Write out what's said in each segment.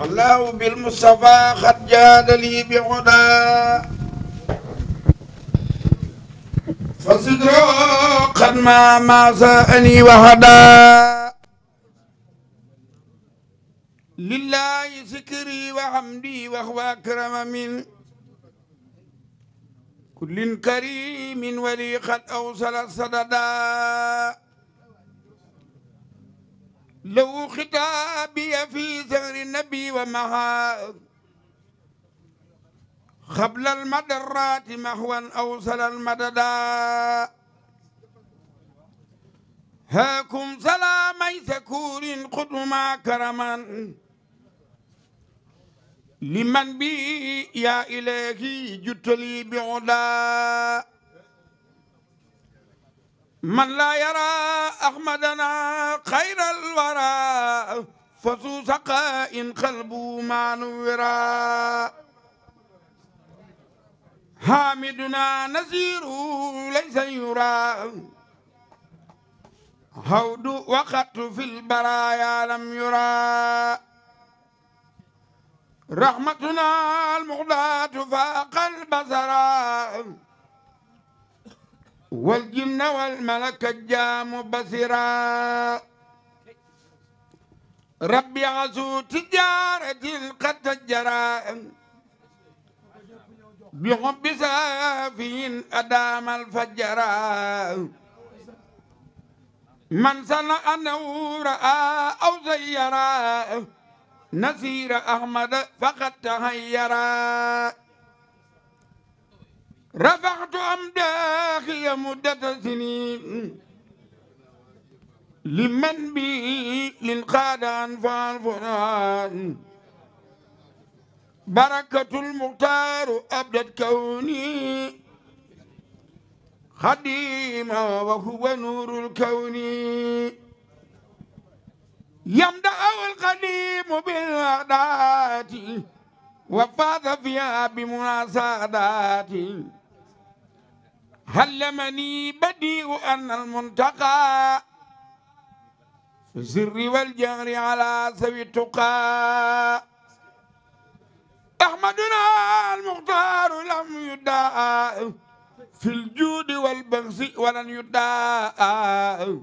الله بالمصطفى قد جاد لي بغدا فصدره قد ما ما سأني وهدا لله ذكري وحمدي وهو أكرم من كل كريم ولي قد أوصل صددا له خطابي في زهر النبي ومها قبل المدرات محوا أوصل المددا هاكم سلامي سكور قدما كرما لمن بي يا إلهي جتلي بعدا man laa yaraa ahmadana xayral wara fa suusaqa in qalbu maanu wira hamiduna nasiru laysa yura hawdu waqatu fil baraya lam yura rahmatuna almuhdatu faqal basara والجن والملك جام بصرا ربي عزو تجارة قد تجرى بحب سافين أدام الفجرا من صنع نورا أو زيرا نسير أحمد فقد تهيرا رفعت أمداخي مدة سنين لمن بي لنقاد أنفع الفران بركة المختار أبدت كوني خديما وهو نور الكون يمدأ القديم بالعادات وفاز فيها بمناسادات علمني بديع أن المنتقى في السر والجهر على سبيل التقى أحمدنا المختار لم يدعى في الجود والبغز ولن يدعى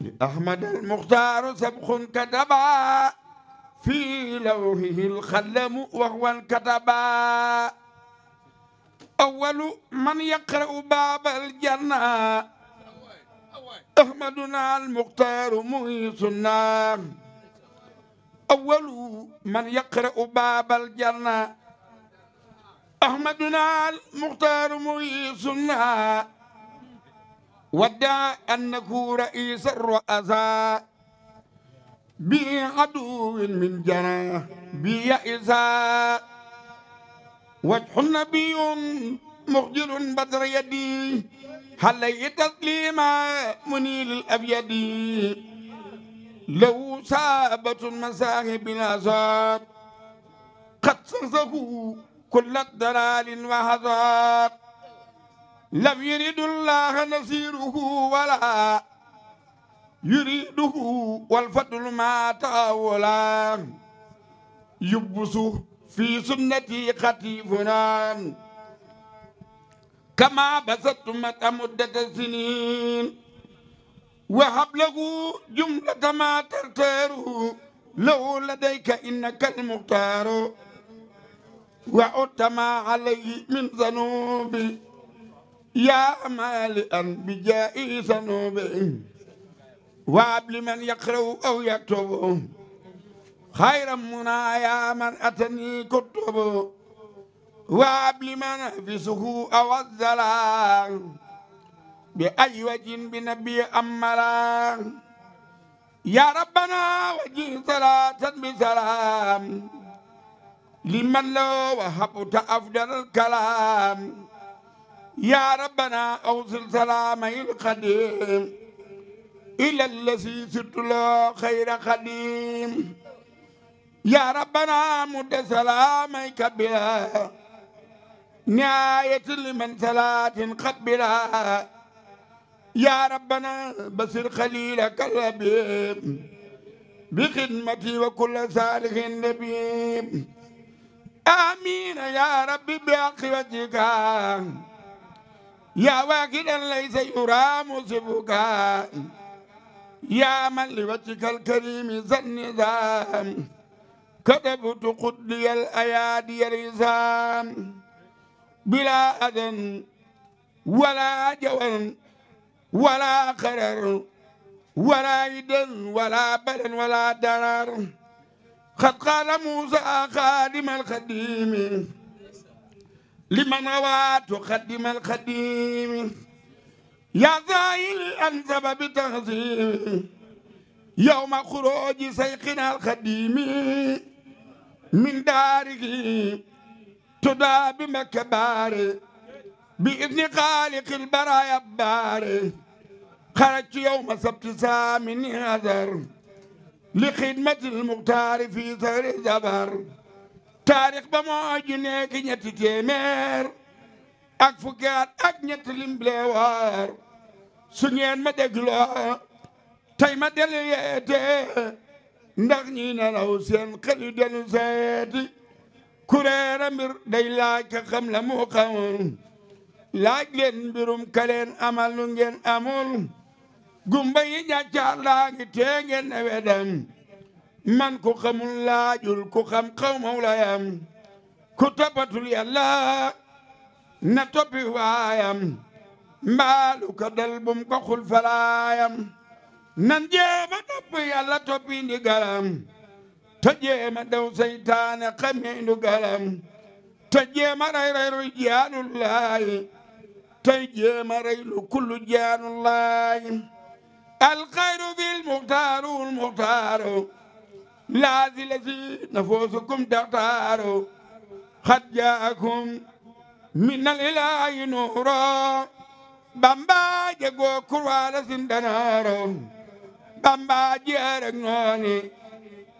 لأحمد المختار سبخ كتبا في لوحه الخلم وهو الكتبا أول من يقرأ باب الجنة أحمدنا المختار مغيث النار أول من يقرأ باب الجنة أحمدنا المختار مغيث النار ودع أنه رئيس الرؤساء بعدو من جناه بيئساء وجه نبي مخجل بدر يدي حلي تسليما منيل الأبيد له سابة مساهب الأزاد قد سنسه كل الضلال وهزار لم يرد الله نصيره ولا يريده والفضل ما تاولا يبسه في سنتي خطيفنا كما بسطت متى مدة السنين وهب له جملة ما تختار له لديك إنك المختار وعدت ما عليه من ذنوبي يا مالئا بجائي ذنوبي وهب لمن يقرأ أو يكتب خير منا يا من أتني الكتب وابل من نفسه أو الزلام بأيوج بنبي أملا يا ربنا وجه صلاة بسلام لمن لو وهبت أفضل الكلام يا ربنا أوصل سلامي القديم إلى الذي ست له خير قديم يا ربنا مد سلامك بلا نهاية لمن سلات قد بلا يا ربنا بصر خليلك اللبيب بخدمتي وكل صالح لبيب آمين يا ربي بحق وجهك يا واكدا ليس يرى مصيبك يا من لوجهك الكريم ذا النظام كتبت قدي الأيادي الإنسان بلا أذن ولا جوان ولا خرر ولا يدن ولا بلن ولا درر قد قال موسى خادم الخديم لمن روى تقدم الخديم يا زايل أنسب بتغزيم يوم خروج سيقنا الخديم من داره تدعى بمكبار بإذن خالق البرايا بار خرجت يوم سبت سامن هذر لخدمة المختار في سر جبر تاريخ بموج نيكي نيتي تيمير ak fukkaat ak ñett lim bleewaar su ngeen ma dégloo tey ma dellu yeete ndax ñi nelaw seen xel yu dellu seeti kuréera mbir day laaj ka xam la mu xamul laaj leen mbirum kaleen amal ngeen amul gumba yi jàccaar laa ngi tee ngeen ne wedam man ku xamul laajul ku xam xaw mawlayam ku tappatul yàlla na toppi mbaalu ka dal ko xul nan jéema topp yàlla toppi ndigalam te jéema daw seytaane xamee ndigalam te jéema rey reylu jaanullaay tey jéema reylu kullu jaanullaay alxayru bil muxtaaru ul muxtaaru laasi lasi nafuusukum taxtaaru xad jaakum min al ilaahi nuuro bamba jegoo kurwaala sin danaaro bamba jeer ak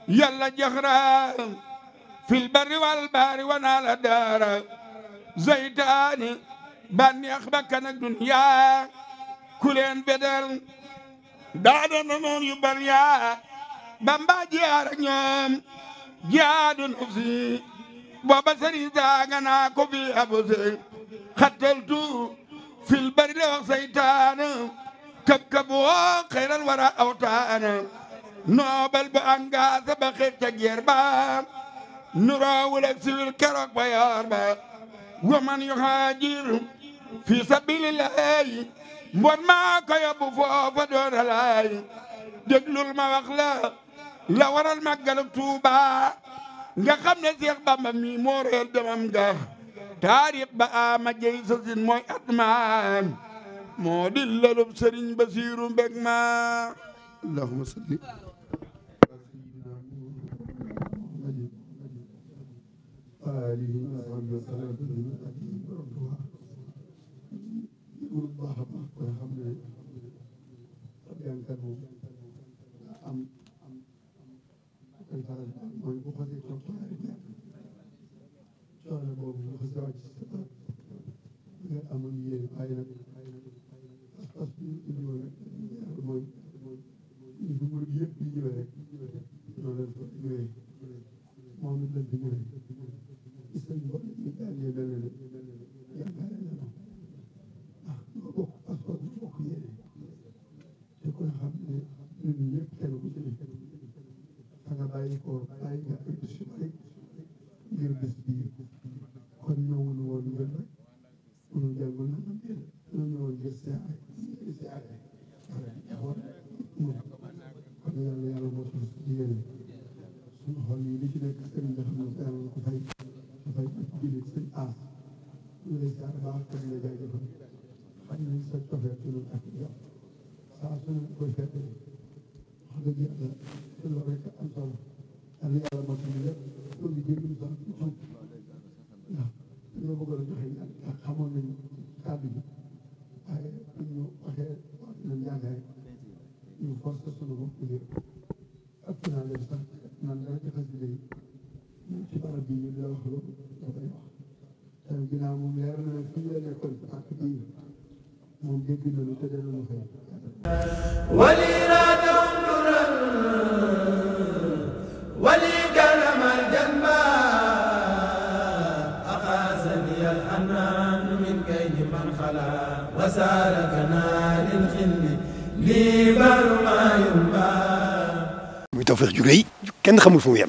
yalla jaxra fil barri wal baari wana la daara zaytaani banneex bakkan ak duniya kuleen bedel daada na yu bariya bamba jeer ak jaadu nafsi booba sëriñ taaga naa ko fi abose xattaltu fil barri wax saytaana كبكبوا خير الورى أوطانا نوبل بأنقاذ بخير تجير بام نراول أكسل الكرق بيار ومن يهاجر في سبيل الله mbon maa ko yóbbu foofa doon alaay déglul ma wax la la waral màggalu Tuuba nga xam ne Seex Bamba mi moo demam ga taarix ba ama jey sosin mooy atmaan moo di lalub sëriñ basiiru mbég ma allahumma salli am ci jigéen ñi suñu xol yi li ci nekk sëriñ bi xam ne daan ko fay ko fay ak jullit sëñ aas ñu lay ziar baax te di la jaajëfal fay nañ sa cofee ci ñun ak yow saa suñu koy fekk wax dëgg yàlla te loolu rek am solo yàlla yàlla moo suñu lépp loolu di jégalu sax ci xol ndax dañoo bëggoon a joxe ñaan ndax xamoon nañ kàddu bi waaye bu ñu waxee wax dinañ jàng rek ñu force suñu bopp muy Tawfekh ju rëy kenn xamul fu mu yem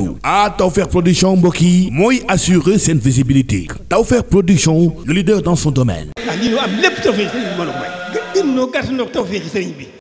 teewlu ta Tawfekh production mbokk yi mooy assurer seen visibilité Tawfekh production le leader dans son domaine. ah lii am lépp Tawfekh sëriñ bi mën a may. gën noo